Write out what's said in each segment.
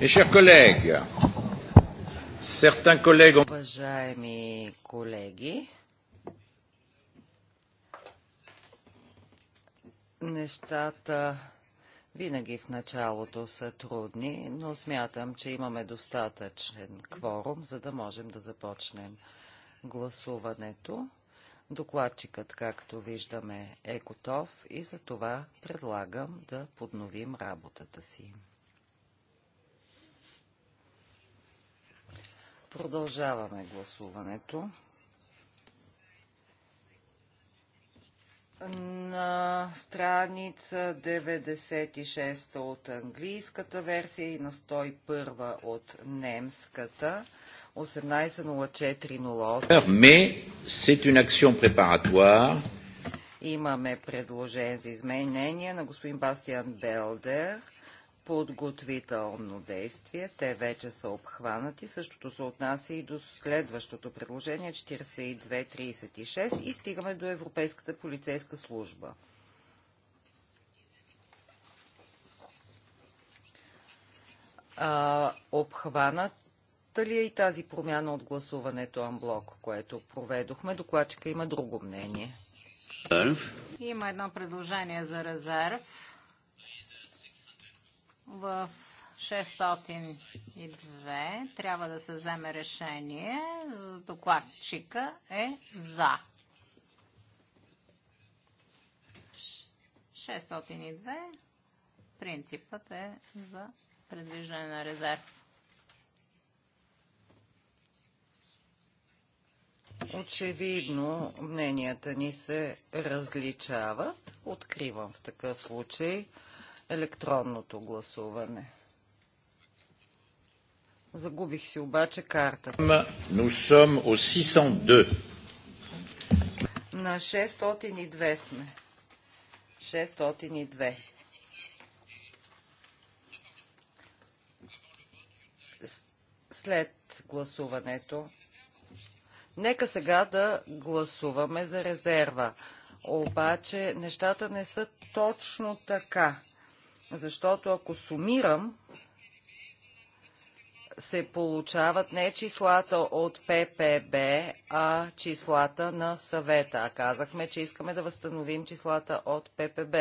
Mes chers collègues, certains collègues ont... Уважаеми колеги, нещата винаги в началото са трудни, но смятам, че имаме достатъчен кворум, за да можем да започнем гласуването. Докладчикът, както виждаме, е готов и за това предлагам да подновим работата си. Продължаваме гласуването. на страница 96 от английската версия и на 101 от немската 180408. Mais c'est une action préparatoire. Имаме предложение за изменение на господин Бастиан Белдер подготвително действие. Те вече са обхванати. Същото се отнася и до следващото предложение 4236 и стигаме до Европейската полицейска служба. А, обхванат ли е и тази промяна от гласуването Амблок, което проведохме? Докладчика има друго мнение. Има едно предложение за резерв в 602 трябва да се вземе решение. За докладчика е за. 602 принципът е за предвиждане на резерв. Очевидно мненията ни се различават. Откривам в такъв случай електронното гласуване. Загубих си обаче картата. На 602 сме. 602. След гласуването. Нека сега да гласуваме за резерва. Обаче нещата не са точно така. Защото ако сумирам, се получават не числата от ППБ, а числата на съвета. А казахме, че искаме да възстановим числата от ППБ.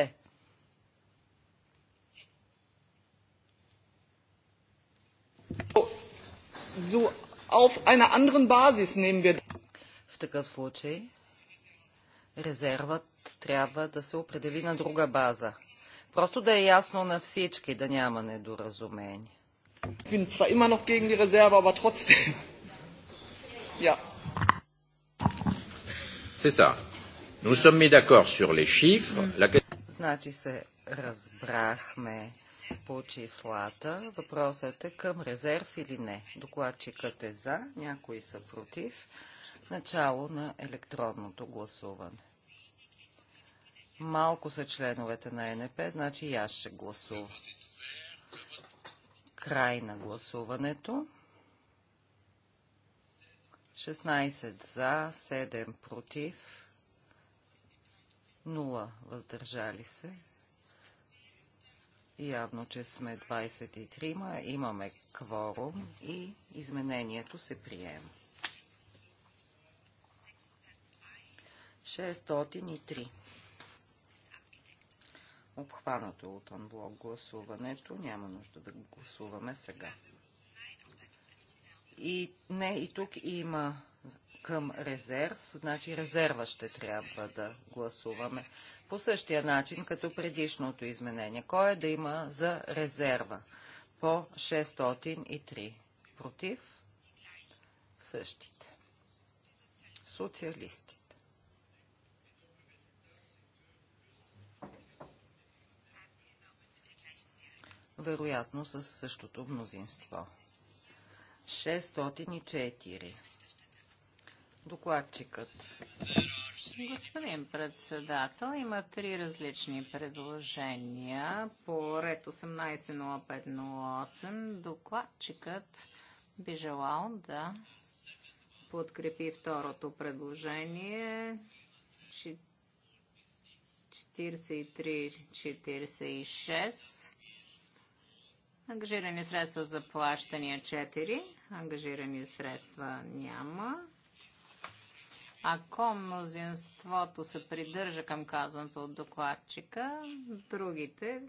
В такъв случай резервът трябва да се определи на друга база. Просто да е ясно на всички, да няма недоразумение. Bin zwar immer noch gegen die Reserve, aber trotzdem. Ja. C'est ça. Nous sommes mis d'accord sur les chiffres. La... Значи се разбрахме по числата. Въпросът е към резерв или не. Докладчикът е за, някои са против. Начало на електронното гласуване. Малко са членовете на НП, значи и аз ще гласувам. Край на гласуването. 16 за, 7 против, 0 въздържали се. Явно, че сме 23-ма, имаме кворум и изменението се приема. 603 обхванато от анблок гласуването. Няма нужда да го гласуваме сега. И не, и тук има към резерв, значи резерва ще трябва да гласуваме. По същия начин, като предишното изменение. Кой е да има за резерва? По 603. Против? Същите. Социалисти. вероятно с същото мнозинство. 604. Докладчикът. Господин председател, има три различни предложения. По ред 180508 докладчикът би желал да подкрепи второто предложение 4346 Ангажирани средства за плащания 4. Ангажирани средства няма. Ако мнозинството се придържа към казаното от докладчика, другите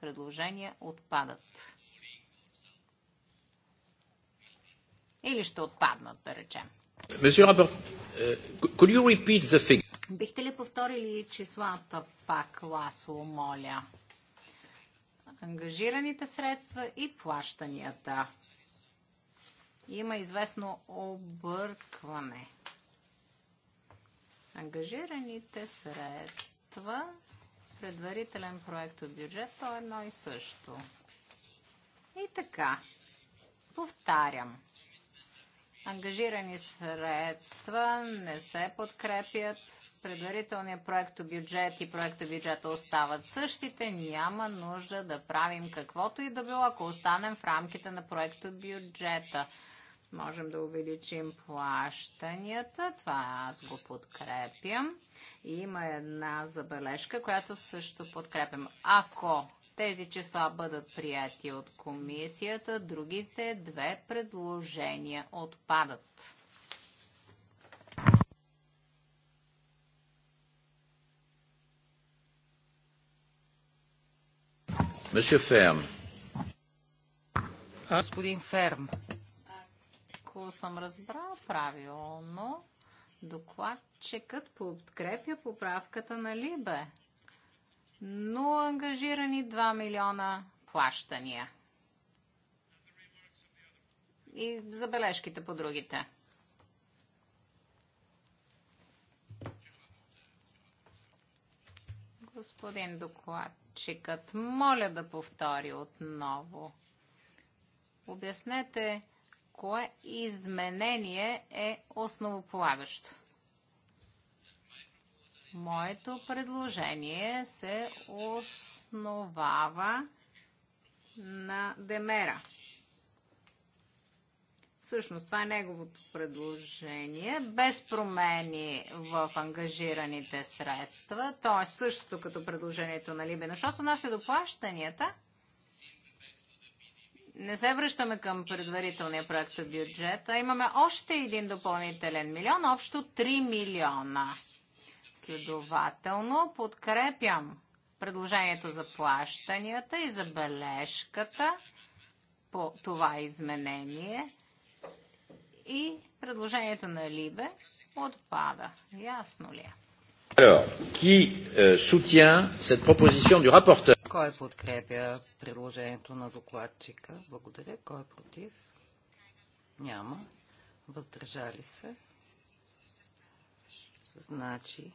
предложения отпадат. Или ще отпаднат, да речем. Euh, Бихте ли повторили числата пак, Ласло, моля? ангажираните средства и плащанията. Има известно объркване. Ангажираните средства, предварителен проект от бюджет, то е едно и също. И така, повтарям. Ангажирани средства не се подкрепят предварителния бюджет и бюджета остават същите, няма нужда да правим каквото и да било, ако останем в рамките на бюджета. Можем да увеличим плащанията, това аз го подкрепям. И има една забележка, която също подкрепям. Ако тези числа бъдат прияти от комисията, другите две предложения отпадат. Господин Ферм, ако съм разбрал правилно, докладчикът подкрепя поправката на Либе, но ангажирани 2 милиона плащания. И забележките по другите. Господин докладчикът, моля да повтори отново. Обяснете, кое изменение е основополагащо. Моето предложение се основава на Демера – Всъщност това е неговото предложение, без промени в ангажираните средства, То е същото като предложението на Либена. Що се отнася до плащанията, не се връщаме към предварителния проект бюджет, а имаме още един допълнителен милион, общо 3 милиона. Следователно подкрепям предложението за плащанията и забележката по това изменение – и предложението на Либе отпада. Ясно ли е? Euh, Кой подкрепя предложението на докладчика? Благодаря. Кой е против? Няма. Въздържали се? Значи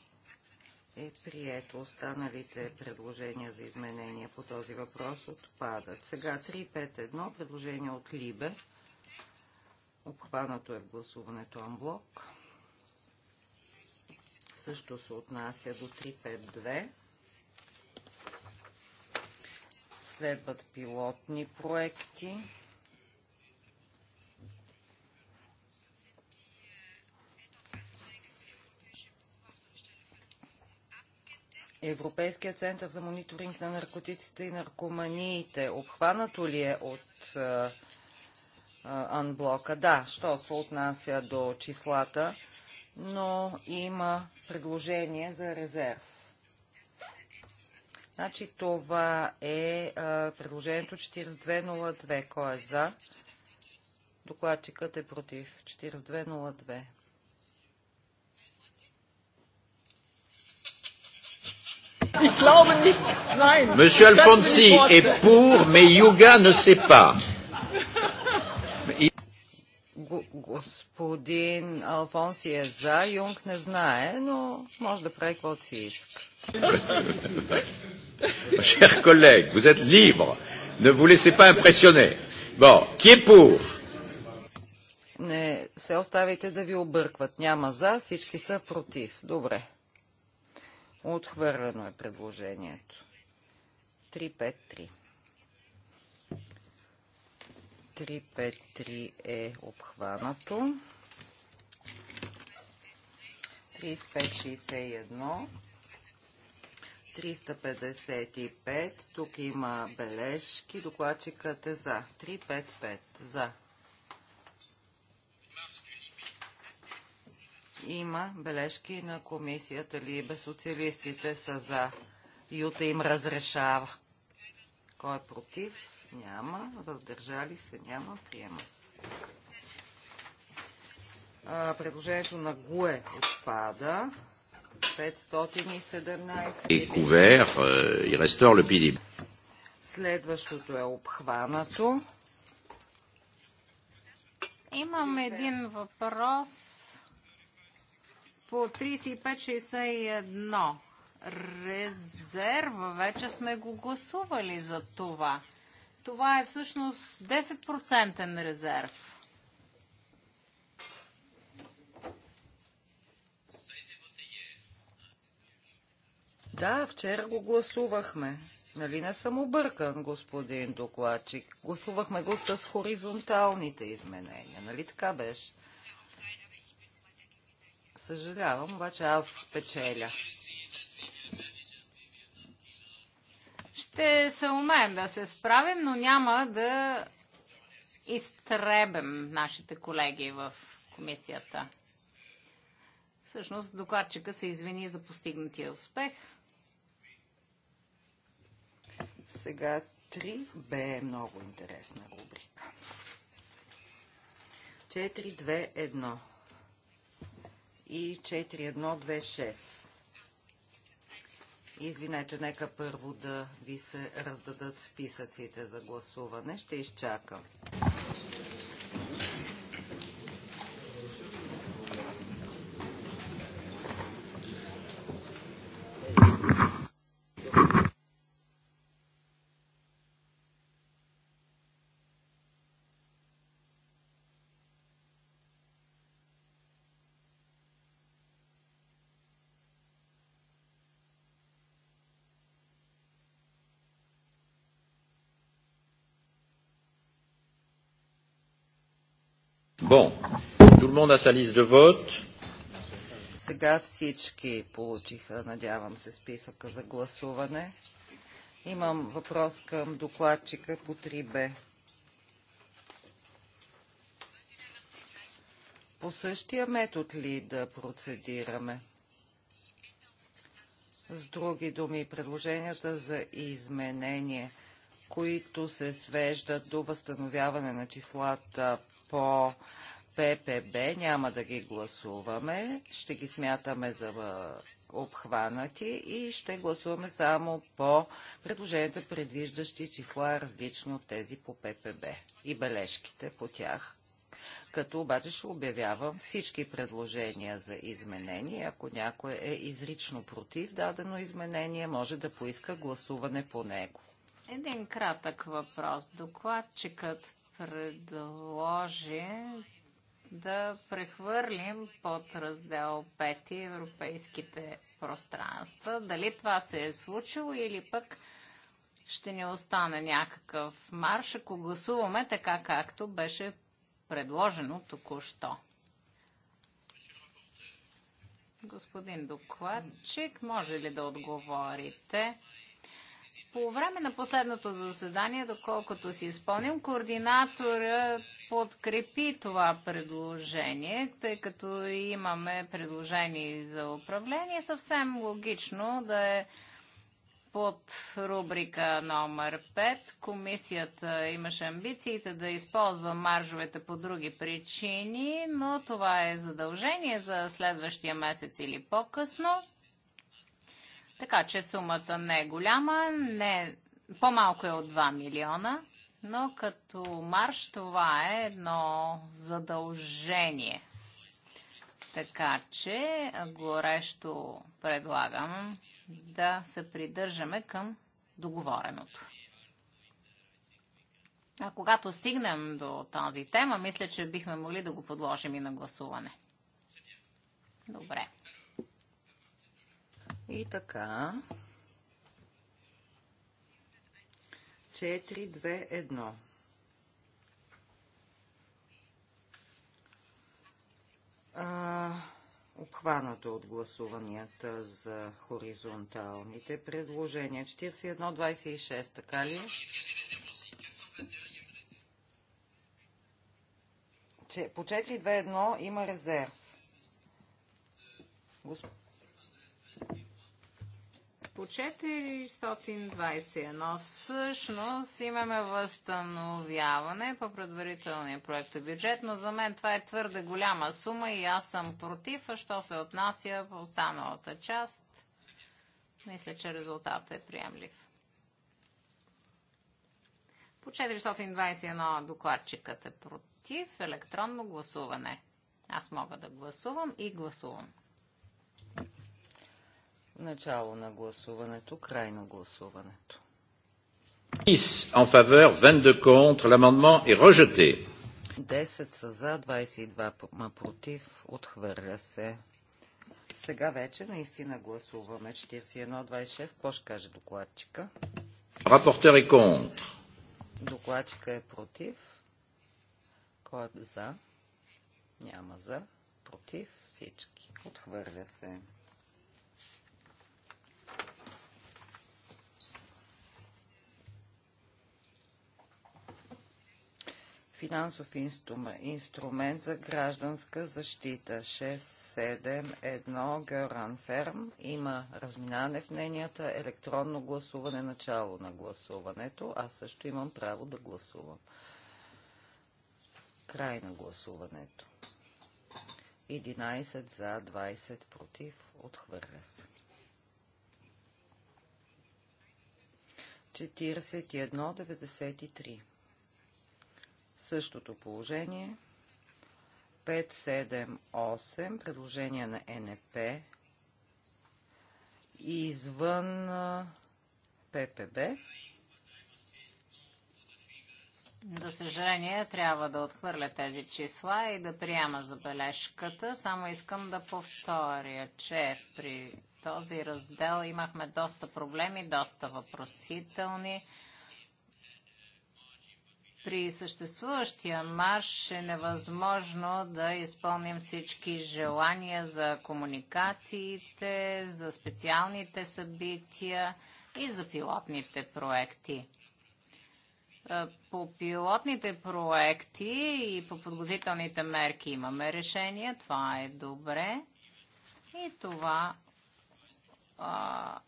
е прието. Останалите предложения за изменения по този въпрос отпадат. Сега 351 предложение от Либе. Обхванато е в гласуването Амблок. Също се отнася до 352. Следват пилотни проекти. Европейския център за мониторинг на наркотиците и наркоманиите. Обхванато ли е от е, анблока. Да, що се отнася до числата, но има предложение за резерв. Значи това е предложението 4202. Кой е за? Докладчикът е против. 4202. Monsieur Alfonsi est pour, mais Yuga ne sait pas господин Алфонси е за, Юнг не знае, но може да прави каквото си иска. Шер колег, vous êtes libres. Ne vous laissez pas impressionner. Bon, qui est pour Не се оставите да ви объркват. Няма за, всички са против. Добре. Отхвърлено е предложението. 3-5-3. 353 е обхванато. 3561. 355. Тук има бележки. Докладчикът е за. 355. За. Има бележки на комисията Либе. социалистите са за. Юта им разрешава. Кой е против? Няма. Въздържали се? Няма. Приема се. А, предложението на ГУЕ отпада. 517. И и рестор ле пилип. Следващото е обхванато. Имам един въпрос по 3561. Резерва вече сме го гласували за това това е всъщност 10% резерв. Да, вчера го гласувахме. Нали не съм объркан, господин докладчик? Гласувахме го с хоризонталните изменения. Нали така беше? Съжалявам, обаче аз печеля. ще се умеем да се справим, но няма да изтребем нашите колеги в комисията. Всъщност докладчика се извини за постигнатия успех. Сега 3Б е много интересна рубрика. 4-2-1 и 4-1-2-6. Извинете, нека първо да ви се раздадат списъците за гласуване. Ще изчакам. Bon, tout le monde a sa liste de vote. Сега всички получиха, надявам се, списъка за гласуване. Имам въпрос към докладчика по 3Б. По същия метод ли да процедираме? С други думи, предложенията за изменение, които се свеждат до възстановяване на числата по ППБ, няма да ги гласуваме, ще ги смятаме за обхванати и ще гласуваме само по предложенията, предвиждащи числа различни от тези по ППБ и бележките по тях. Като обаче ще обявявам всички предложения за изменение. Ако някой е изрично против дадено изменение, може да поиска гласуване по него. Един кратък въпрос. Докладчикът предложи да прехвърлим под раздел 5 европейските пространства. Дали това се е случило или пък ще ни остане някакъв марш, ако гласуваме така както беше предложено току-що. Господин докладчик, може ли да отговорите? По време на последното заседание, доколкото си изпълним, координатора подкрепи това предложение, тъй като имаме предложение за управление. Съвсем логично да е под рубрика номер 5. Комисията имаше амбициите да използва маржовете по други причини, но това е задължение за следващия месец или по-късно. Така че сумата не е голяма, не, по-малко е от 2 милиона, но като марш това е едно задължение. Така че горещо предлагам да се придържаме към договореното. А когато стигнем до тази тема, мисля, че бихме могли да го подложим и на гласуване. Добре. И така. 4, 2, 1. А, обхванато от гласуванията за хоризонталните предложения. 41-26, така ли? Че, по 4-2-1 има резерв. Господи по 421. Всъщност имаме възстановяване по предварителния проект бюджет, но за мен това е твърде голяма сума и аз съм против, а що се отнася по останалата част, мисля, че резултатът е приемлив. По 421 докладчикът е против електронно гласуване. Аз мога да гласувам и гласувам. Начало на гласуването, край на гласуването. 10 en faveur, 22 contre, l'amendement est rejeté. 10 са за, 22 ма против, отхвърля се. Сега вече наистина гласуваме 41-26. Какво ще каже докладчика? Рапортер е контр. Докладчика е против. Кой е за? Няма за. Против всички. Отхвърля се. финансов инструмент за гражданска защита 671 Геран Ферм. Има разминане в мненията, електронно гласуване, начало на гласуването. Аз също имам право да гласувам. Край на гласуването. 11 за, 20 против, отхвърля се. 93. Същото положение. 5-7-8, предложение на НП, извън ППБ. До съжаление, трябва да отхвърля тези числа и да приема забележката. Само искам да повторя, че при този раздел имахме доста проблеми, доста въпросителни при съществуващия марш е невъзможно да изпълним всички желания за комуникациите, за специалните събития и за пилотните проекти. Е, по пилотните проекти и по подготвителните мерки имаме решение. Това е добре. И това а,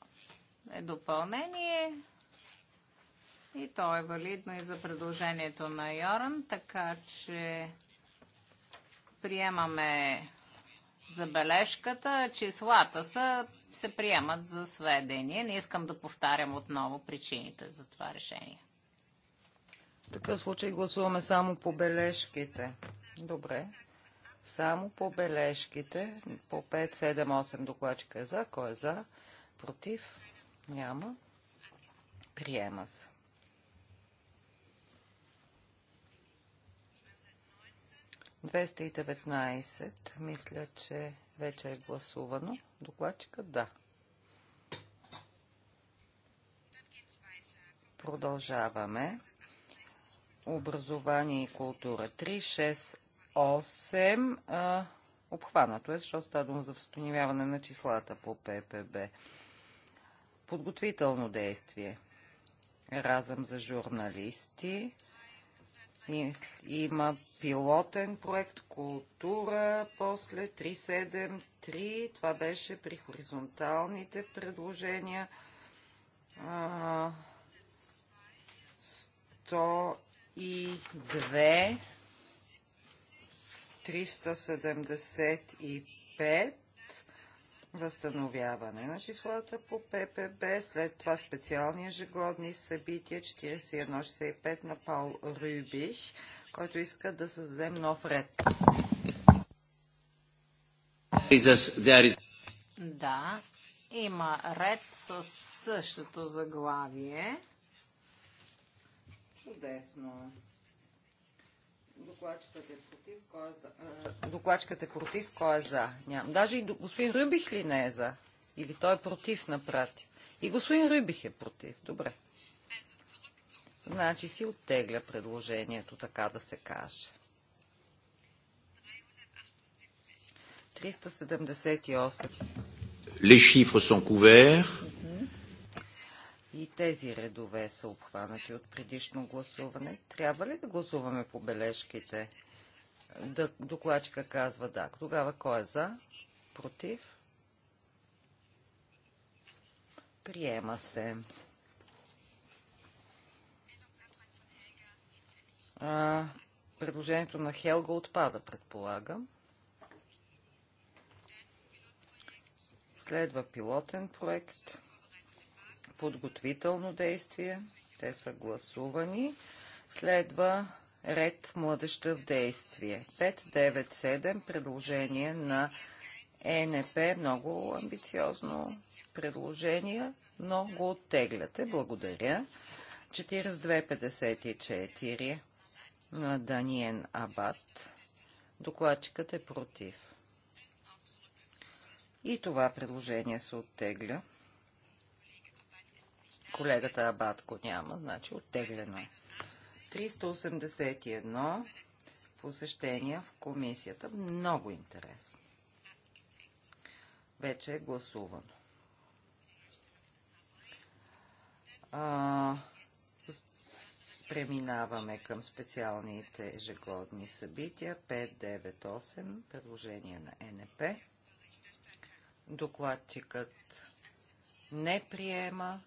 е допълнение и то е валидно и за предложението на Йоран, така че приемаме забележката. Числата са, се приемат за сведение. Не искам да повтарям отново причините за това решение. В такъв случай гласуваме само по бележките. Добре. Само по бележките. По 5, 7, 8 докладчика е за. Кой е за? Против? Няма. Приема се. 219, мисля, че вече е гласувано. Докладчика да. Продължаваме. Образование и култура 3, 6, 8. обхванато е, защото става дума за възстановяване на числата по ППБ. Подготвително действие. Разъм за журналисти. Има пилотен проект Култура, после 373, това беше при хоризонталните предложения. 102, 375, възстановяване на числата по ППБ, след това специални ежегодни събития 4165 на Паул Рюбиш, който иска да създадем нов ред. Да, има ред с същото заглавие. Чудесно. Докладчикът е против, кой е за? Е, докладчикът е против, кой е за? Нямам. Даже и господин Рюбих ли не е за? Или той е против напрати? И господин Рюбих е против. Добре. Значи си оттегля предложението, така да се каже. 378. Les chiffres sont couverts и тези редове са обхванати от предишно гласуване. Трябва ли да гласуваме по бележките? Да, докладчика казва да. Тогава кой е за? Против? Приема се. А, предложението на Хелга отпада, предполагам. Следва пилотен проект подготвително действие. Те са гласувани. Следва ред младеща в действие. 597 предложение на ЕНП. Много амбициозно предложение, но го оттегляте. Благодаря. 4254 на Даниен Абат. Докладчикът е против. И това предложение се оттегля. Колегата Абатко няма, значи оттеглено е. 381 посещения в комисията. Много интересно. Вече е гласувано. А, преминаваме към специалните ежегодни събития. 598, предложение на НП. Докладчикът не приема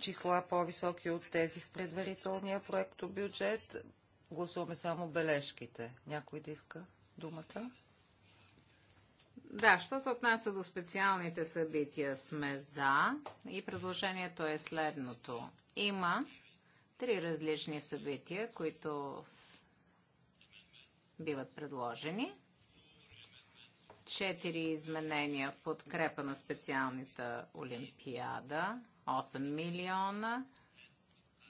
числа по-високи от тези в предварителния проекто бюджет. Гласуваме само бележките. Някой да иска думата? Да, що се отнася до специалните събития, сме за и предложението е следното. Има три различни събития, които биват предложени. 4 изменения в подкрепа на специалната олимпиада, 8 милиона.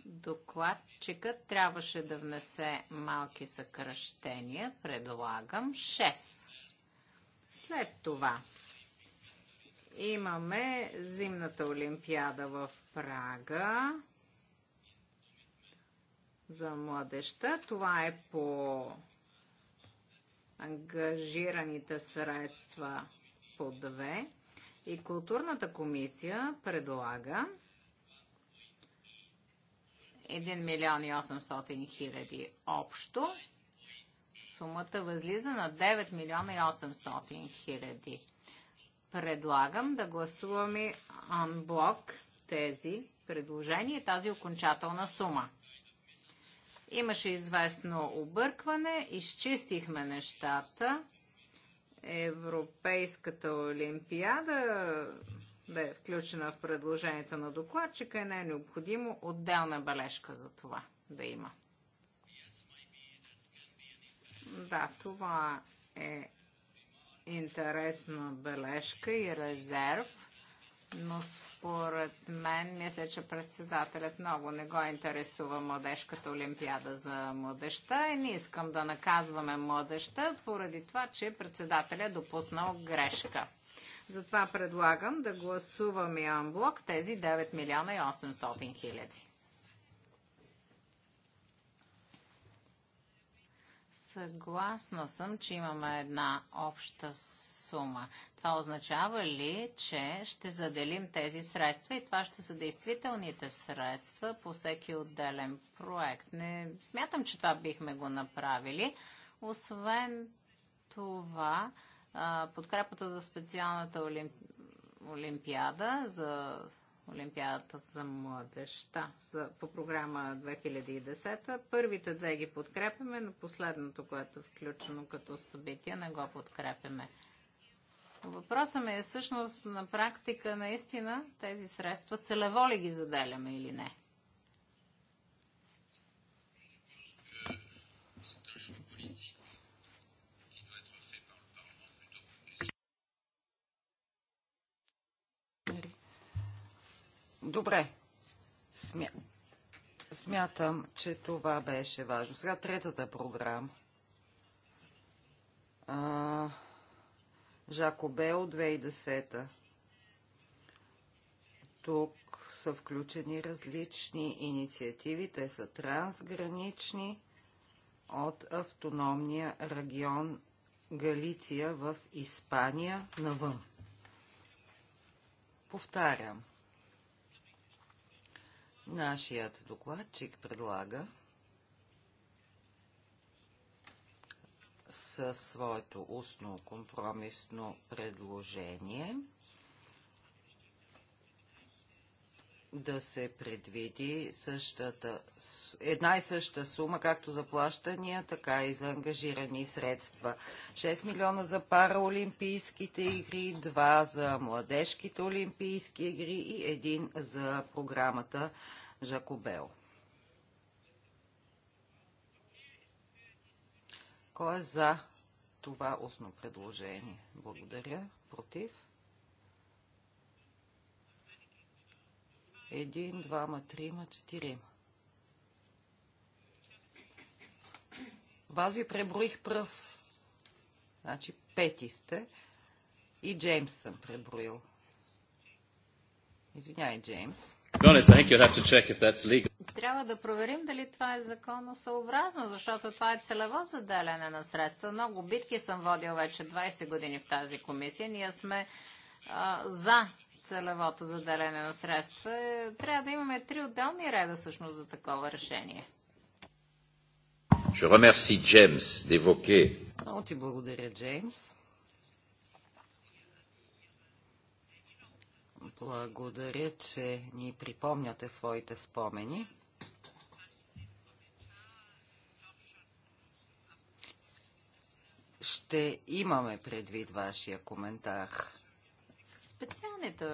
Докладчикът трябваше да внесе малки съкръщения, предлагам 6. След това имаме зимната олимпиада в Прага за младеща. Това е по ангажираните средства по две. И културната комисия предлага 1 милион и 800 хиляди общо. Сумата възлиза на 9 милиона и 800 хиляди. Предлагам да гласуваме анблок тези предложения и тази окончателна сума. Имаше известно объркване, изчистихме нещата. Европейската олимпиада да е включена в предложението на докладчика, не е необходимо отделна бележка за това да има. Да, това е интересна бележка и резерв но според мен мисля, че председателят много не го интересува младежката олимпиада за младеща и не искам да наказваме младеща поради това, че председателят е допуснал грешка. Затова предлагам да гласуваме анблок тези 9 милиона и 800 хиляди. Съгласна съм, че имаме една обща сума. Това означава ли, че ще заделим тези средства и това ще са действителните средства по всеки отделен проект? Не смятам, че това бихме го направили. Освен това, подкрепата за специалната олимпиада, за Олимпиадата за младеща за, по програма 2010. Първите две ги подкрепяме, но последното, което е включено като събитие, не го подкрепяме. Въпросът ми е всъщност на практика наистина тези средства целево ли ги заделяме или не? Добре. Смя... Смятам, че това беше важно. Сега третата програма. А... Жако Бел, 2010. Тук са включени различни инициативи. Те са трансгранични от автономния регион Галиция в Испания навън. Повтарям – Нашият докладчик предлага със своето устно компромисно предложение – да се предвиди същата, една и съща сума, както за плащания, така и за ангажирани средства. 6 милиона за параолимпийските игри, 2 за младежките олимпийски игри и 1 за програмата Жакобел. Кой е за това устно предложение? Благодаря. Против? Един, двама, трима, четирима. Вас ви преброих пръв. Значи пети сте. И Джеймс съм преброил. Извинявай, Джеймс. Трябва да проверим дали това е законно съобразно, защото това е целево заделяне на средства. Много битки съм водил вече 20 години в тази комисия. Ние сме а, за целевото заделяне на средства. Е, трябва да имаме три отделни реда всъщност за такова решение. Je remercie d'évoquer. Много ти благодаря, Джеймс. Благодаря, че ни припомняте своите спомени. Ще имаме предвид вашия коментар специалните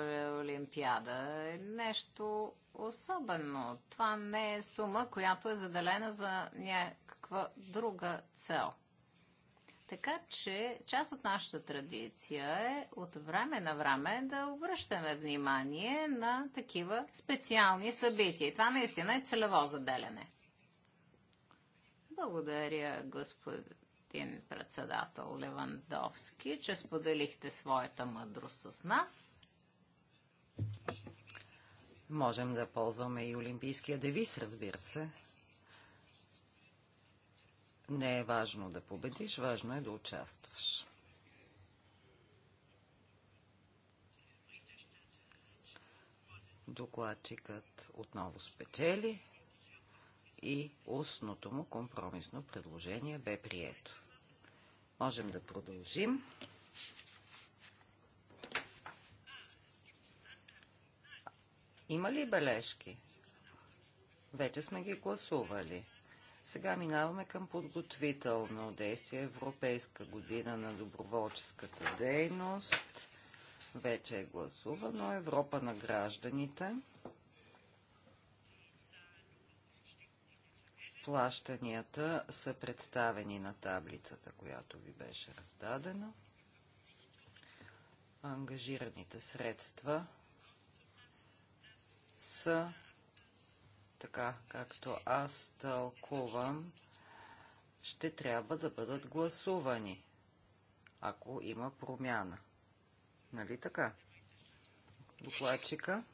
олимпиада е нещо особено. Това не е сума, която е заделена за някаква друга цел. Така че част от нашата традиция е от време на време да обръщаме внимание на такива специални събития. И това наистина е целево заделяне. Благодаря, господин господин председател Левандовски, че споделихте своята мъдрост с нас. Можем да ползваме и олимпийския девиз, разбира се. Не е важно да победиш, важно е да участваш. Докладчикът отново спечели и устното му компромисно предложение бе прието. Можем да продължим. Има ли бележки? Вече сме ги гласували. Сега минаваме към подготвително действие Европейска година на доброволческата дейност. Вече е гласувано Европа на гражданите. Плащанията са представени на таблицата, която ви беше раздадена. Ангажираните средства са така, както аз тълкувам, ще трябва да бъдат гласувани, ако има промяна. Нали така? Докладчика.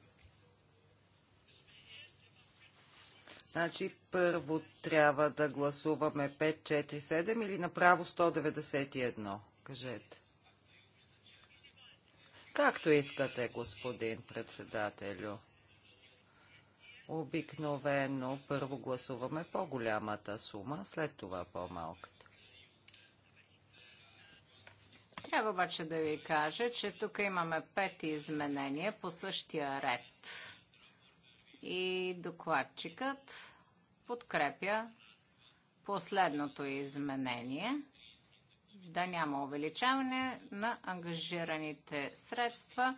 Значи първо трябва да гласуваме 5, 4, 7 или направо 191. Кажете. Както искате, господин председателю. Обикновено първо гласуваме по-голямата сума, след това по-малката. Трябва обаче да ви кажа, че тук имаме пет изменения по същия ред и докладчикът подкрепя последното изменение да няма увеличаване на ангажираните средства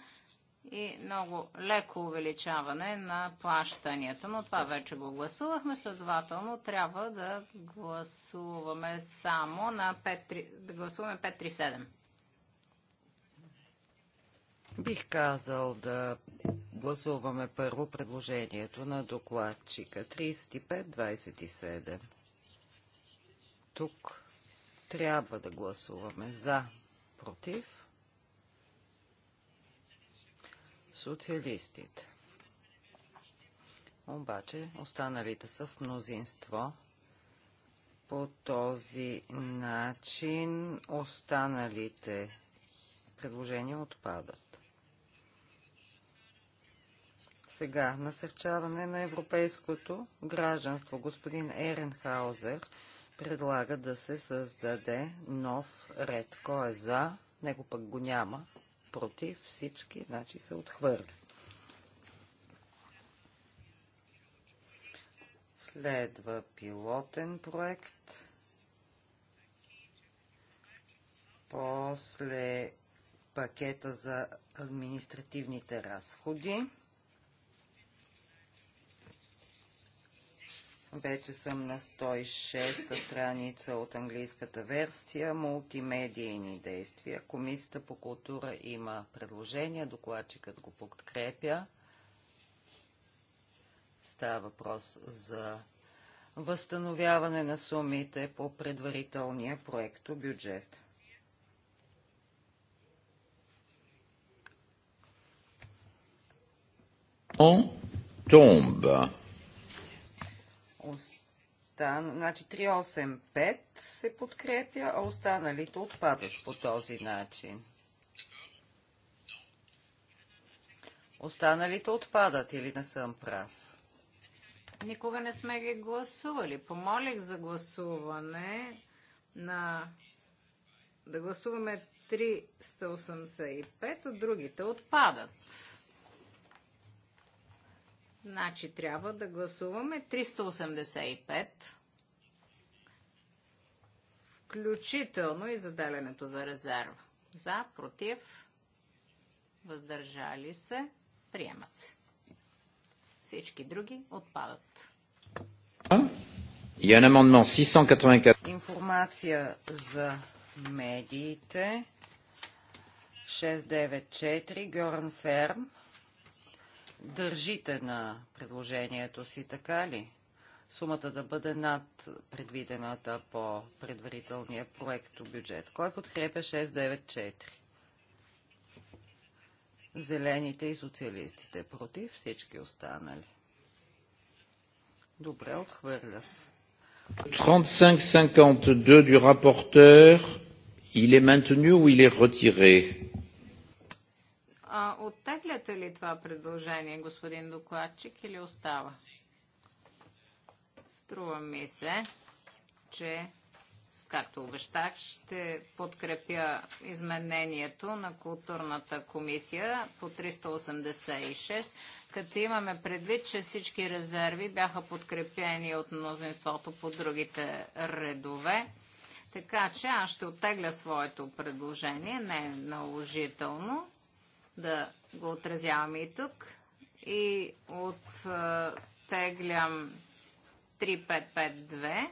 и много леко увеличаване на плащанията, но това вече го гласувахме, следователно трябва да гласуваме само на 5, да гласуваме 537. Бих казал да Гласуваме първо предложението на докладчика 35-27. Тук трябва да гласуваме за, против, социалистите. Обаче останалите са в мнозинство. По този начин останалите предложения отпадат. Сега, насърчаване на европейското гражданство. Господин Еренхаузер предлага да се създаде нов ред. Кой е за? Него пък го няма. Против всички, значи се отхвърля. Следва пилотен проект. После пакета за административните разходи. Вече съм на 106-та страница от английската версия. Мултимедийни действия. Комисията по култура има предложение. Докладчикът го подкрепя. Става въпрос за възстановяване на сумите по предварителния проекто бюджет. On tombe. Оста, Значи 385 се подкрепя, а останалите отпадат по този начин. Останалите отпадат или не съм прав? Никога не сме ги гласували. Помолих за гласуване на... Да гласуваме 385, а другите отпадат. Значи трябва да гласуваме 385 включително и заделянето за резерва. За, против, въздържали се, приема се. Всички други отпадат. Информация за медиите 694 Георн Ферм държите на предложението си, така ли? Сумата да бъде над предвидената по предварителния проект бюджет. Кой подкрепя 694? Зелените и социалистите. Против всички останали. Добре, отхвърля се. 35-52 du rapporteur, il est maintenu ou il est retiré Оттегляте ли това предложение, господин докладчик, или остава? Струва ми се, че, както обещах, ще подкрепя изменението на културната комисия по 386, като имаме предвид, че всички резерви бяха подкрепени от мнозинството по другите редове. Така че аз ще оттегля своето предложение, не е наложително да го отразявам и тук. И от Теглям 3552.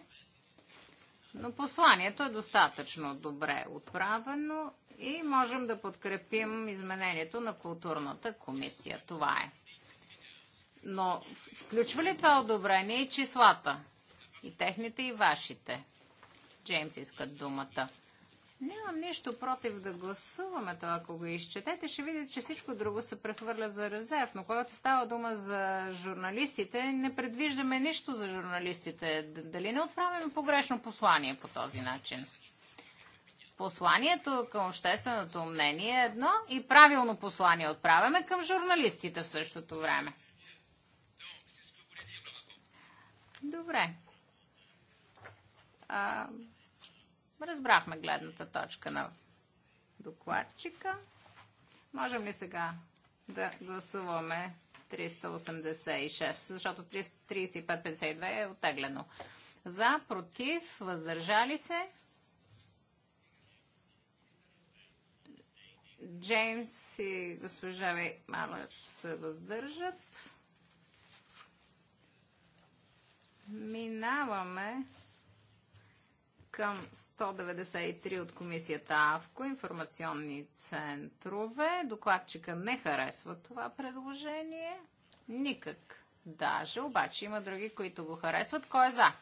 Но посланието е достатъчно добре отправено и можем да подкрепим изменението на културната комисия. Това е. Но включва ли това одобрение и числата? И техните, и вашите? Джеймс искат думата. Нямам нищо против да гласуваме това, ако го изчетете. Ще видите, че всичко друго се прехвърля за резерв. Но когато става дума за журналистите, не предвиждаме нищо за журналистите. Дали не отправяме погрешно послание по този начин? Посланието към общественото мнение е едно и правилно послание отправяме към журналистите в същото време. Добре. А, Разбрахме гледната точка на докладчика. Можем ли сега да гласуваме 386, защото 3552 е отеглено. За, против, въздържали се. Джеймс и госпожа Малър се въздържат. Минаваме към 193 от комисията АВКО, информационни центрове. Докладчика не харесва това предложение. Никак. Даже, обаче има други, които го харесват. Кой е за?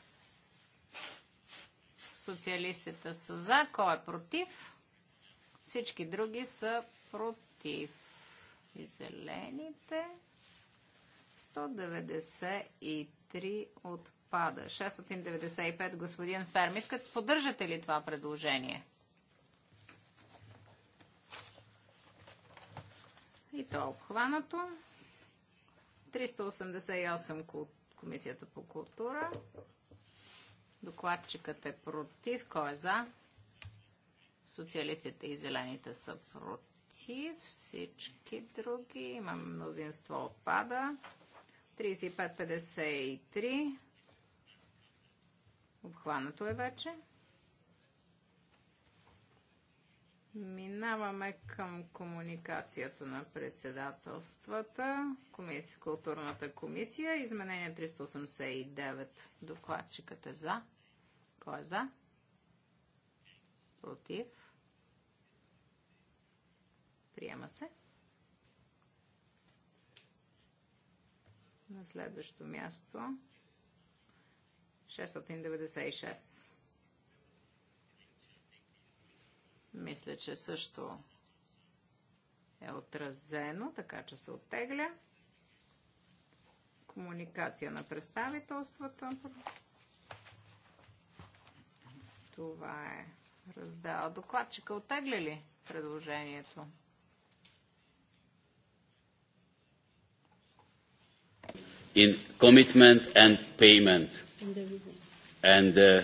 Социалистите са за. Кой е против? Всички други са против. И зелените. 193 отпада. 695 господин Ферм. Искат, поддържате ли това предложение? И то е обхванато. 388 Комисията по култура. Докладчикът е против. Кой е за? Социалистите и зелените са против. Всички други. Имам мнозинство отпада. 3553. Обхванато е вече. Минаваме към комуникацията на председателствата, комисия, културната комисия, изменение 389. Докладчикът е за. Кой е за? Против. Приема се. На следващо място 696. Мисля, че също е отразено, така че се оттегля. Комуникация на представителствата. Това е раздава Докладчика оттегля ли предложението? in commitment and payment and uh,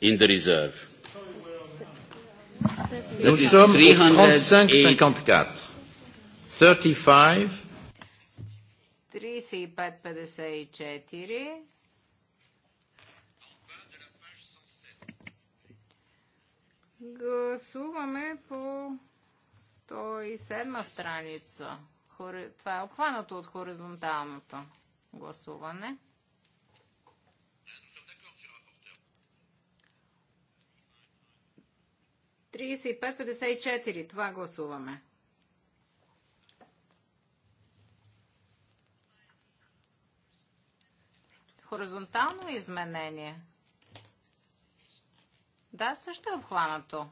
in the reserve. Nous sommes 35-54. 35. 35-54. Гласуваме по 107 страница. Това е обхванато от хоризонталното. Гласуване. Тридесет и Това гласуваме. Хоризонтално изменение. Да, също е обхванато.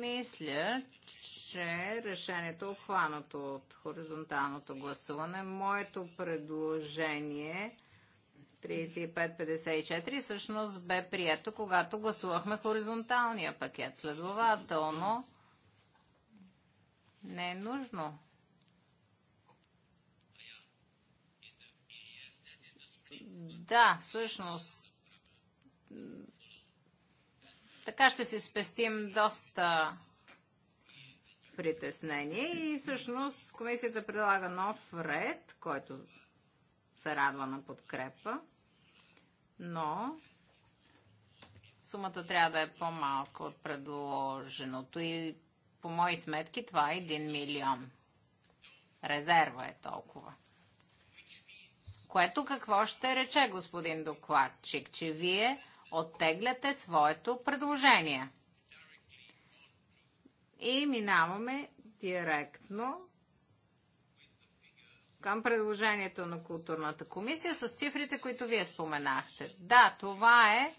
Мисля, че решението е обхванато от хоризонталното гласуване. Моето предложение 3554 всъщност бе прието, когато гласувахме хоризонталния пакет. Следователно, не е нужно. Да, всъщност, така ще си спестим доста притеснение и всъщност комисията прилага нов ред, който се радва на подкрепа, но сумата трябва да е по-малка от предложеното и по мои сметки това е 1 милион. Резерва е толкова. Което какво ще рече, господин докладчик, че вие оттегляте своето предложение – и минаваме директно към предложението на културната комисия с цифрите, които вие споменахте. Да, това е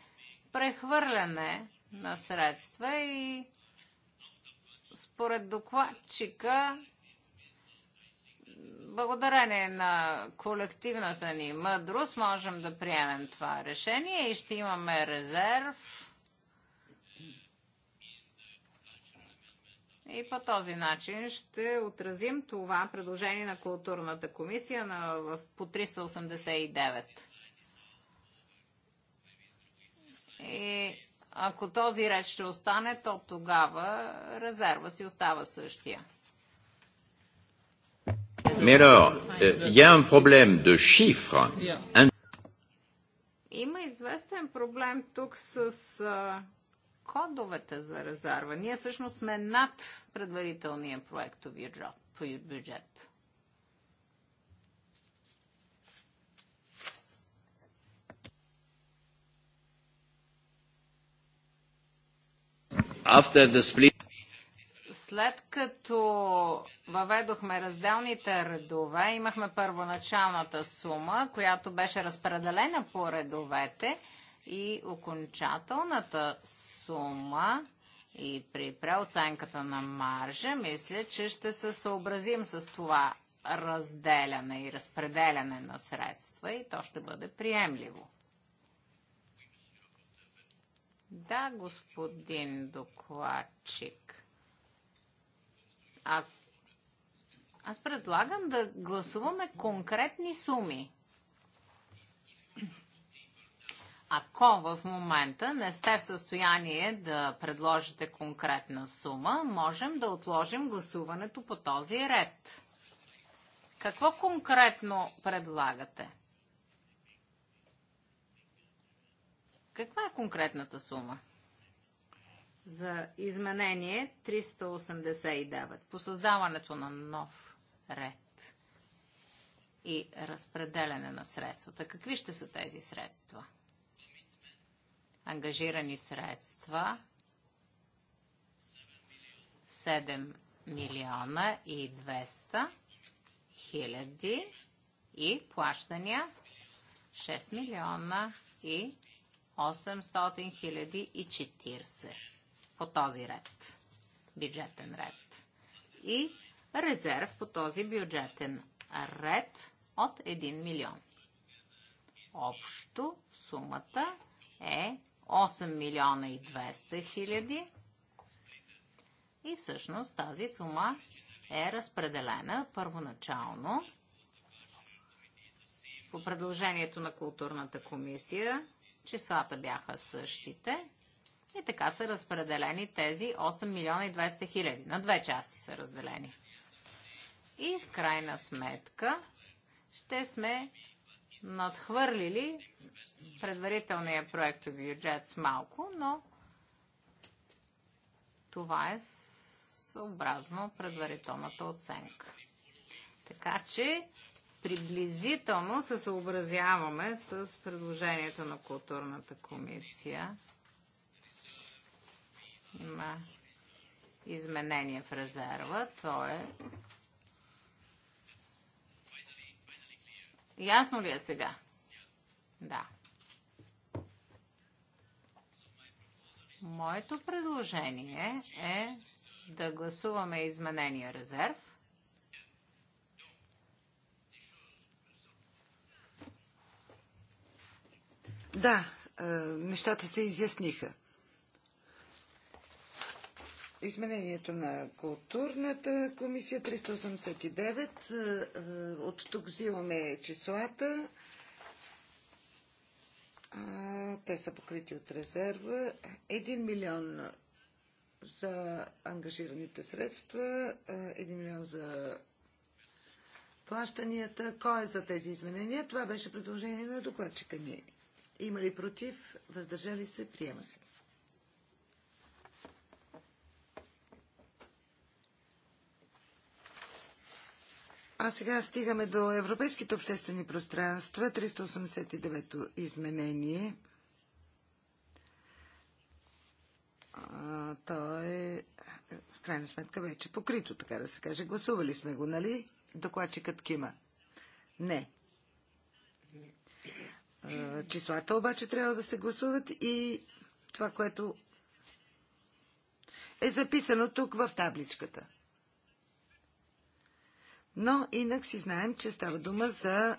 прехвърляне на средства и според докладчика, благодарение на колективната ни мъдрост, можем да приемем това решение и ще имаме резерв И по този начин ще отразим това предложение на културната комисия на, в, по 389. И ако този реч ще остане, то тогава резерва си остава същия. Mais alors, euh, il y a un problème de Има известен проблем тук с кодовете за резерва. Ние всъщност сме над предварителния проект бюджет. After the split след като въведохме разделните редове, имахме първоначалната сума, която беше разпределена по редовете, и окончателната сума и при преоценката на маржа, мисля, че ще се съобразим с това разделяне и разпределяне на средства и то ще бъде приемливо. Да, господин докладчик. А... Аз предлагам да гласуваме конкретни суми. Ако в момента не сте в състояние да предложите конкретна сума, можем да отложим гласуването по този ред. Какво конкретно предлагате? Каква е конкретната сума? За изменение 389 по създаването на нов ред и разпределяне на средствата. Какви ще са тези средства? ангажирани средства 7 милиона и 200 хиляди и плащания 6 милиона и 800 хиляди и 40 по този ред, бюджетен ред. И резерв по този бюджетен ред от 1 милион. Общо сумата е 8 милиона и 200 хиляди. И всъщност тази сума е разпределена първоначално по предложението на културната комисия. Числата бяха същите. И така са разпределени тези 8 милиона и 200 хиляди. На две части са разделени. И в крайна сметка ще сме надхвърлили предварителния проект бюджет с малко, но това е съобразно предварителната оценка. Така че приблизително се съобразяваме с предложението на културната комисия. Има изменение в резерва, то е Ясно ли е сега? Да. Моето предложение е да гласуваме изменения резерв. Да, е, нещата се изясниха. Изменението на културната комисия 389. Е, е, от тук взимаме числата. Те са покрити от резерва. 1 милион за ангажираните средства, 1 е, милион за плащанията. Кой е за тези изменения? Това беше предложение на докладчика ни. Има ли против? Въздържали се? Приема се. А сега стигаме до Европейските обществени пространства, 389-то изменение. то е в крайна сметка вече покрито, така да се каже. Гласували сме го, нали? Докладчикът Кима. Не. числата обаче трябва да се гласуват и това, което е записано тук в табличката. Но инак си знаем, че става дума за е,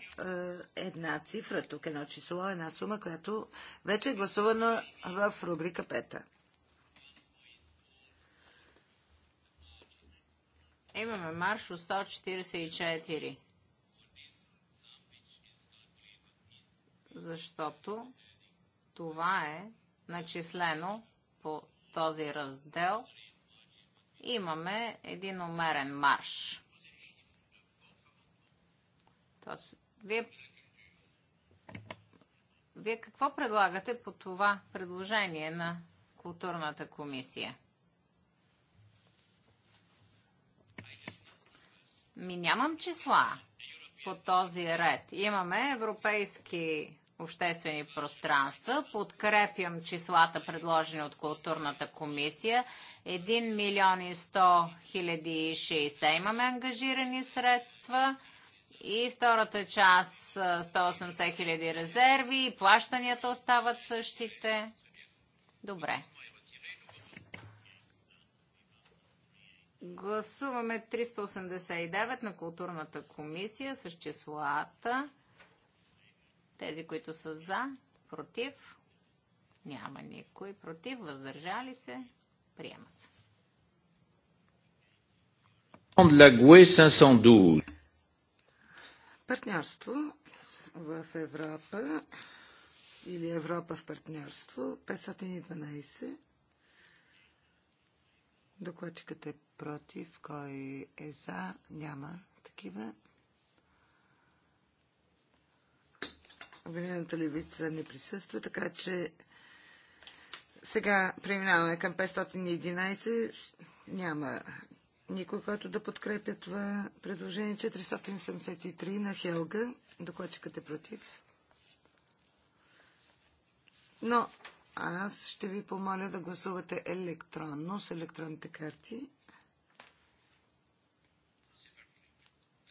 една цифра, тук едно число, една сума, която вече е гласувана в рубрика 5. Имаме марш от 144. Защото това е начислено по този раздел. Имаме един умерен марш. Тоест, вие, вие какво предлагате по това предложение на културната комисия? Ми нямам числа по този ред. Имаме европейски обществени пространства. Подкрепям числата, предложени от културната комисия. 1 милион и 100 хиляди и 60 имаме ангажирани средства. И втората част 180 хиляди резерви, плащанията остават същите. Добре. Гласуваме 389 на културната комисия с числата. Тези, които са за, против, няма никой против, въздържали се, приема се. Партньорство в Европа или Европа в партньорство 512. Докладчикът е против. Кой е за? Няма такива. Обединената левица не присъства, така че сега преминаваме към 511. Няма никой, който да подкрепя това предложение 473 на Хелга. Докладчикът е против. Но аз ще ви помоля да гласувате електронно с електронните карти.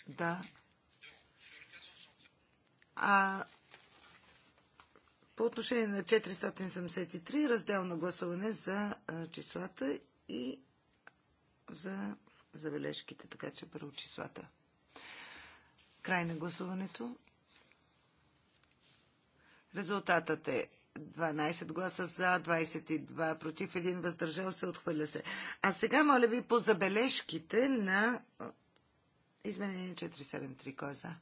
Да. А по отношение на 473 разделно гласуване за числата и за забележките, така че първо числата. Край на гласуването. Резултатът е 12 гласа за, 22 против, 1 въздържал се, отхвърля се. А сега, моля ви, по забележките на изменение 473. Кой е за?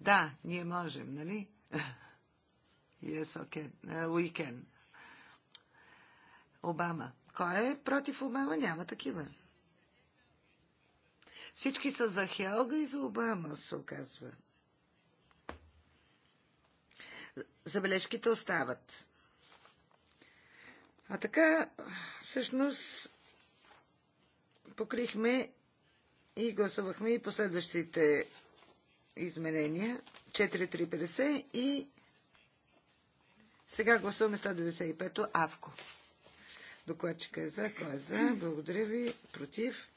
Да, ние можем, нали? Yes, okay. Uh, we can. Обама. Кой е против Обама? Няма такива. Всички са за Хелга и за Обама, се оказва. Забележките остават. А така, всъщност, покрихме и гласувахме и последващите изменения 4350 и сега гласуваме 195-то АВКО. Докладчика е за. Кой е за? Благодаря ви. Против?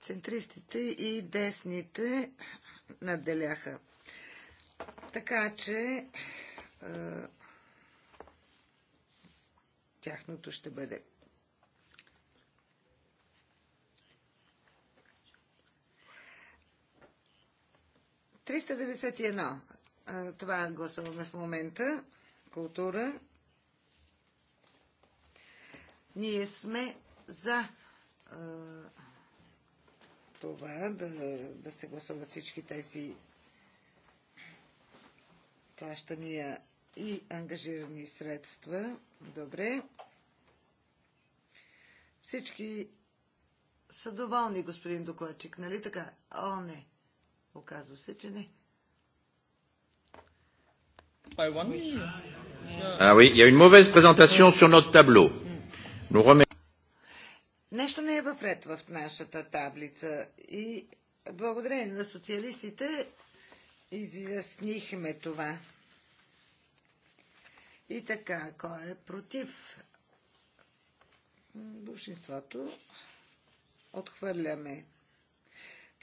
Центристите и десните надделяха. Така че тяхното ще бъде 391. Това гласуваме в момента. Култура. Ние сме за това да, да се гласуват всички тези плащания и ангажирани средства. Добре. Всички са доволни, господин докладчик, нали така? О, не. Оказва се, че не. Нещо не е в ред в нашата таблица и благодарение на социалистите изяснихме това. И така, кой е против большинството? Отхвърляме.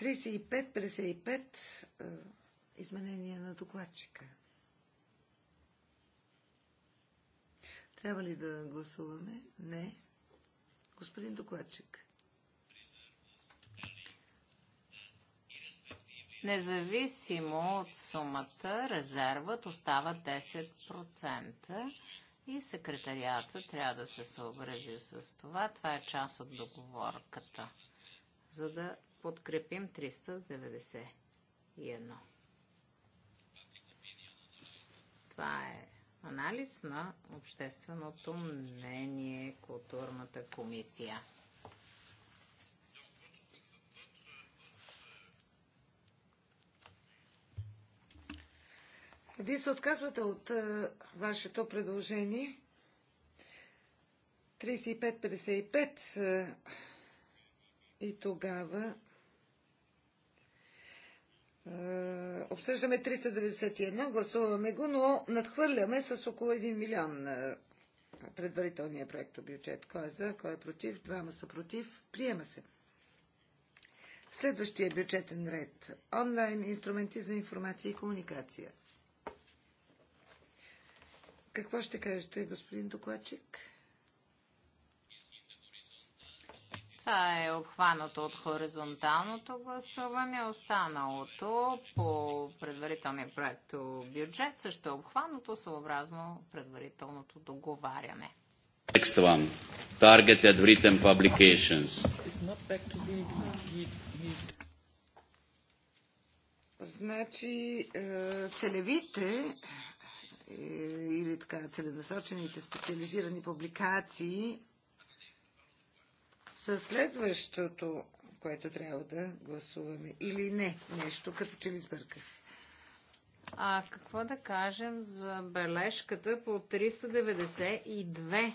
35-55 изменение на докладчика. Трябва ли да гласуваме? Не. Господин докладчик. Независимо от сумата, резервът остава 10% и секретарията трябва да се съобрази с това. Това е част от договорката, за да подкрепим 391. Това е анализ на общественото мнение културната комисия. Вие се отказвате от а, е, вашето предложение. 35-55 е, и тогава е, обсъждаме 391, гласуваме го, но надхвърляме с около 1 милион е, предварителния проект бюджет. Кой е за, кой е против, двама са против, приема се. Следващия бюджетен ред. Онлайн инструменти за информация и комуникация. Какво ще кажете, господин докладчик? Това е обхванато от хоризонталното гласуване. Останалото по предварителния проект бюджет също е обхванато съобразно предварителното договаряне. Next one. Targeted written publications. Значи е, целевите е, или така целенасочените специализирани публикации със следващото, което трябва да гласуваме. Или не, нещо като че ли сбърках. А какво да кажем за бележката по 392?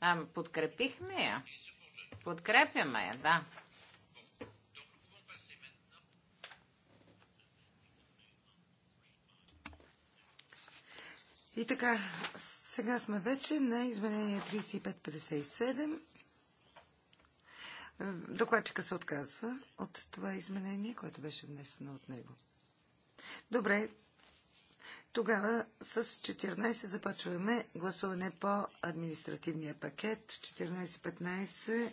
А, подкрепихме я. Подкрепяме я, да. И така, сега сме вече на изменение 3557. Докладчика се отказва от това изменение, което беше внесено от него. Добре, тогава с 14 започваме гласуване по административния пакет. 14-15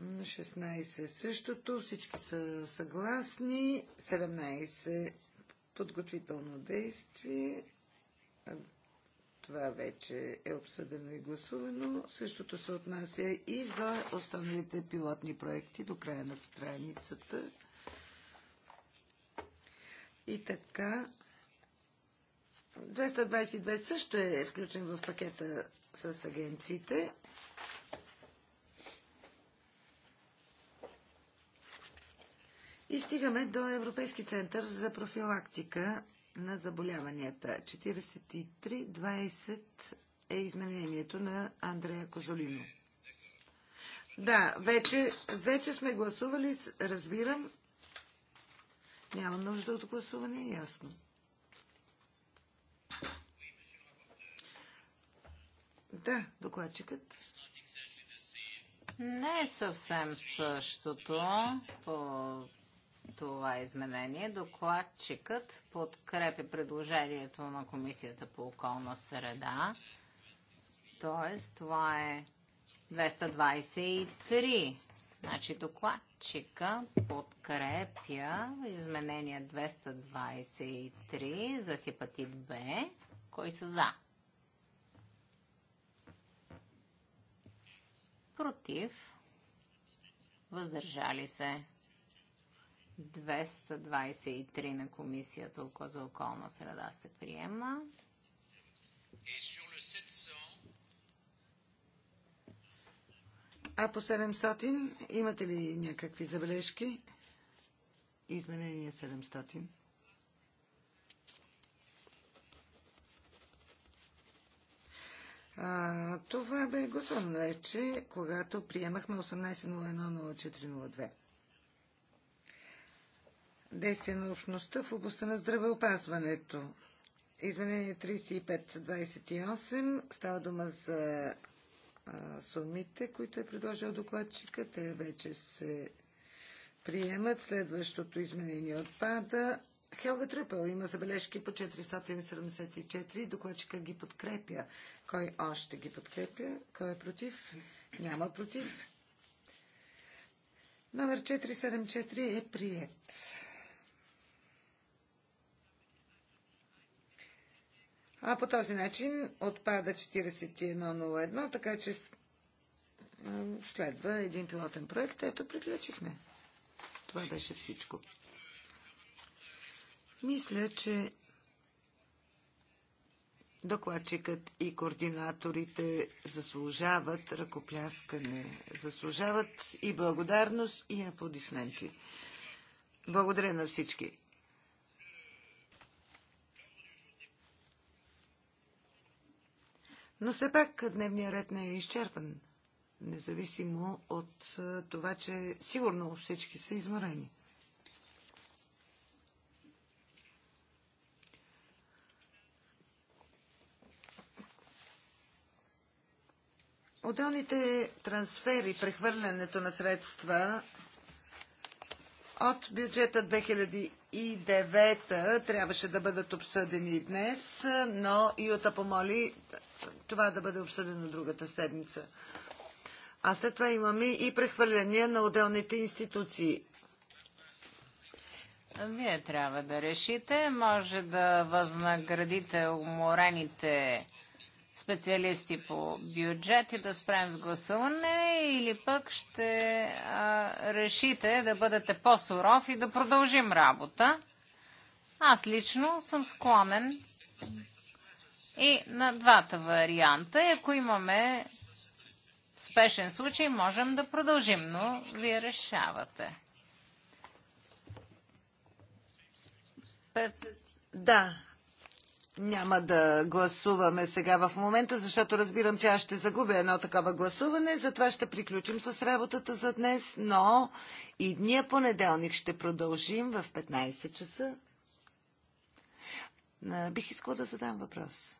16 същото. Всички са съгласни. 17 подготвително действие. Това вече е обсъдено и гласувано. Същото се отнася и за останалите пилотни проекти до края на страницата. И така, 222 също е включен в пакета с агенциите. И стигаме до Европейски център за профилактика на заболяванията. 43-20 е изменението на Андрея Козолино. Да, вече, вече сме гласували, разбирам. Няма нужда от гласуване, ясно. Да, докладчикът. Не е съвсем същото по това изменение. Докладчикът подкрепя предложението на Комисията по околна среда. Тоест, това е 223. Значи докладчика подкрепя изменение 223 за хепатит Б. Кой са за? Против. Въздържали се. 223 на комисията за околна среда се приема. А по 700 имате ли някакви забележки? Изменение 700. А, това бе гласувано вече, когато приемахме 18.01.04.02 действие на общността в областта на здравеопазването. Изменение 35-28 става дума за а, сумите, които е предложил докладчика. Те вече се приемат. Следващото изменение отпада. Хелга Трюпел има забележки по 474. Докладчика ги подкрепя. Кой още ги подкрепя? Кой е против? Няма против. Номер 474 е прият. А по този начин отпада 4101, така че следва един пилотен проект. Ето, приключихме. Това беше всичко. Мисля, че докладчикът и координаторите заслужават ръкопляскане, заслужават и благодарност, и аплодисменти. Благодаря на всички. Но все пак дневният ред не е изчерпан, независимо от това, че сигурно всички са изморени. Отделните трансфери, прехвърлянето на средства от бюджета 2000 и девета трябваше да бъдат обсъдени днес, но Юта помоли това да бъде обсъдено другата седмица. А след това имаме и прехвърляния на отделните институции. Вие трябва да решите. Може да възнаградите уморените специалисти по бюджет и да спрем с гласуване или пък ще а, решите да бъдете по-суров и да продължим работа. Аз лично съм склонен и на двата варианта. Ако имаме спешен случай, можем да продължим, но вие решавате. Пет... Да, няма да гласуваме сега в момента, защото разбирам, че аз ще загубя едно такова гласуване. Затова ще приключим с работата за днес, но и дния понеделник ще продължим в 15 часа. Бих искала да задам въпрос.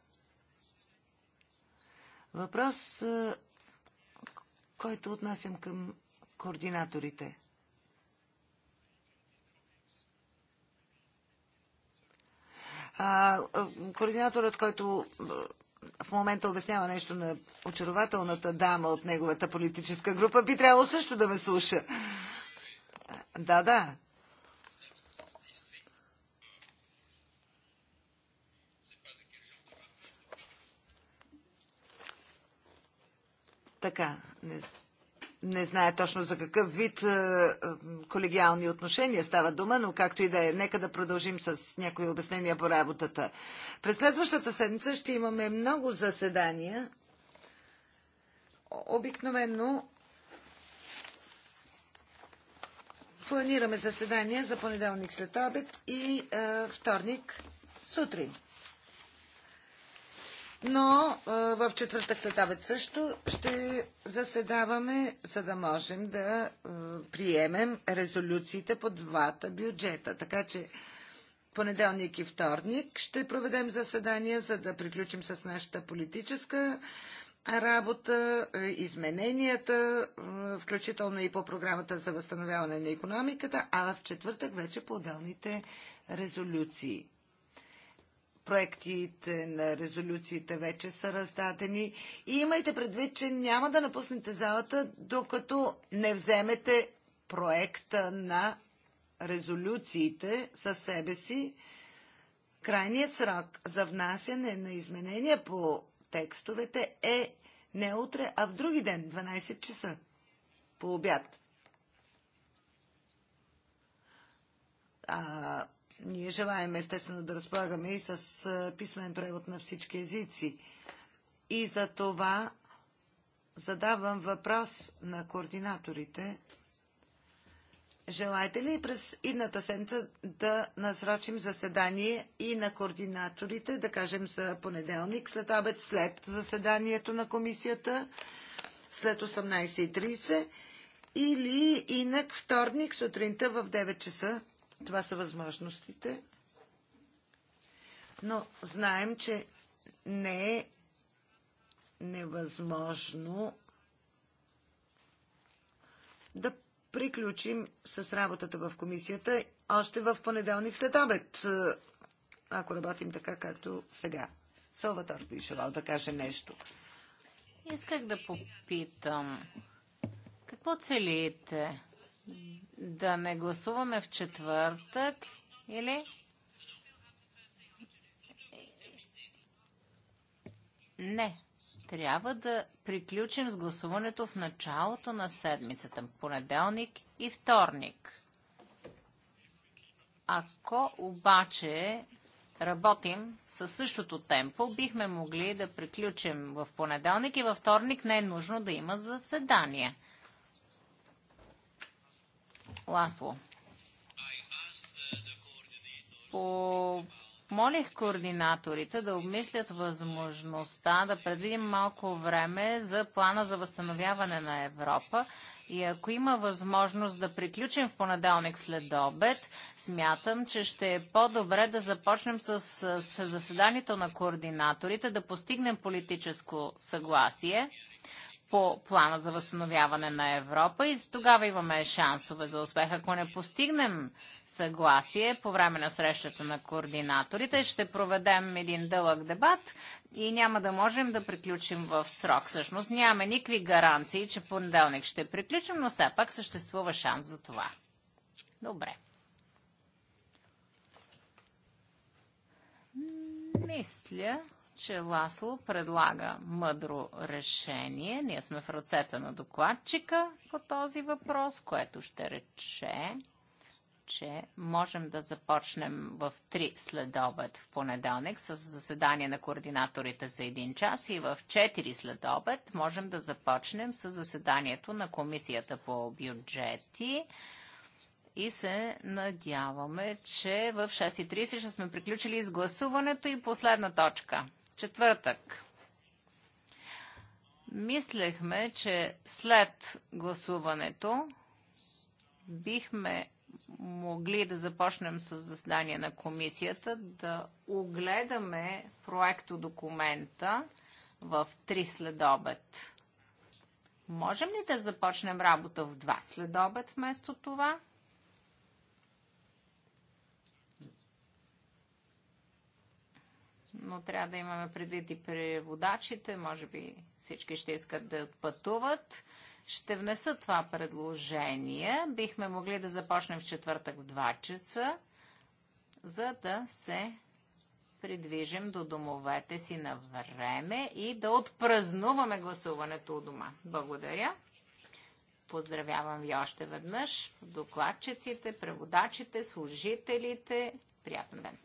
Въпрос, който отнасям към координаторите. Координаторът, който в момента обяснява нещо на очарователната дама от неговата политическа група, би трябвало също да ме слуша. Да, да. Така, не знам не знае точно за какъв вид е, е, колегиални отношения става дума, но както и да е, нека да продължим с някои обяснения по работата. През следващата седмица ще имаме много заседания. Обикновено планираме заседания за понеделник след обед и е, вторник сутрин. Но в четвъртък след обед също ще заседаваме, за да можем да приемем резолюциите по двата бюджета. Така че понеделник и вторник ще проведем заседания, за да приключим с нашата политическа работа, измененията, включително и по програмата за възстановяване на економиката, а в четвъртък вече по отделните резолюции проектите на резолюциите вече са раздадени. И имайте предвид, че няма да напуснете залата, докато не вземете проекта на резолюциите със себе си. Крайният срок за внасяне на изменения по текстовете е не утре, а в други ден, 12 часа, по обяд. А, ние желаем естествено да разполагаме и с писмен превод на всички езици. И за това задавам въпрос на координаторите. Желаете ли през идната седмица да насрочим заседание и на координаторите, да кажем за понеделник, след обед, след заседанието на комисията, след 18.30 или инак вторник сутринта в 9 часа? Това са възможностите. Но знаем, че не е невъзможно да приключим с работата в комисията още в понеделник след обед, е, ако работим така както сега. Салватор би желал да каже нещо. Исках да попитам. Какво целите? Да не гласуваме в четвъртък или? Не. Трябва да приключим с гласуването в началото на седмицата, понеделник и вторник. Ако обаче работим със същото темпо, бихме могли да приключим в понеделник и във вторник не е нужно да има заседания. Ласло. Помолих координаторите да обмислят възможността да предвидим малко време за плана за възстановяване на Европа и ако има възможност да приключим в понеделник след обед, смятам, че ще е по-добре да започнем с, с заседанието на координаторите, да постигнем политическо съгласие по плана за възстановяване на Европа и тогава имаме шансове за успех. Ако не постигнем съгласие по време на срещата на координаторите, ще проведем един дълъг дебат и няма да можем да приключим в срок. Всъщност нямаме никакви гаранции, че понеделник ще приключим, но все пак съществува шанс за това. Добре. Мисля, че Ласло предлага мъдро решение. Ние сме в ръцете на докладчика по този въпрос, което ще рече, че можем да започнем в 3 след обед в понеделник с заседание на координаторите за 1 час и в 4 след обед можем да започнем с заседанието на комисията по бюджети и се надяваме, че в 6.30 ще сме приключили с гласуването и последна точка четвъртък. Мислехме, че след гласуването бихме могли да започнем с заседание на комисията, да огледаме проекто документа в 3 следобед. Можем ли да започнем работа в 2 следобед вместо това? но трябва да имаме предвид и преводачите. Може би всички ще искат да пътуват. Ще внеса това предложение. Бихме могли да започнем в четвъртък в 2 часа, за да се придвижим до домовете си на време и да отпразнуваме гласуването у дома. Благодаря. Поздравявам ви още веднъж, докладчиците, преводачите, служителите. Приятен ден!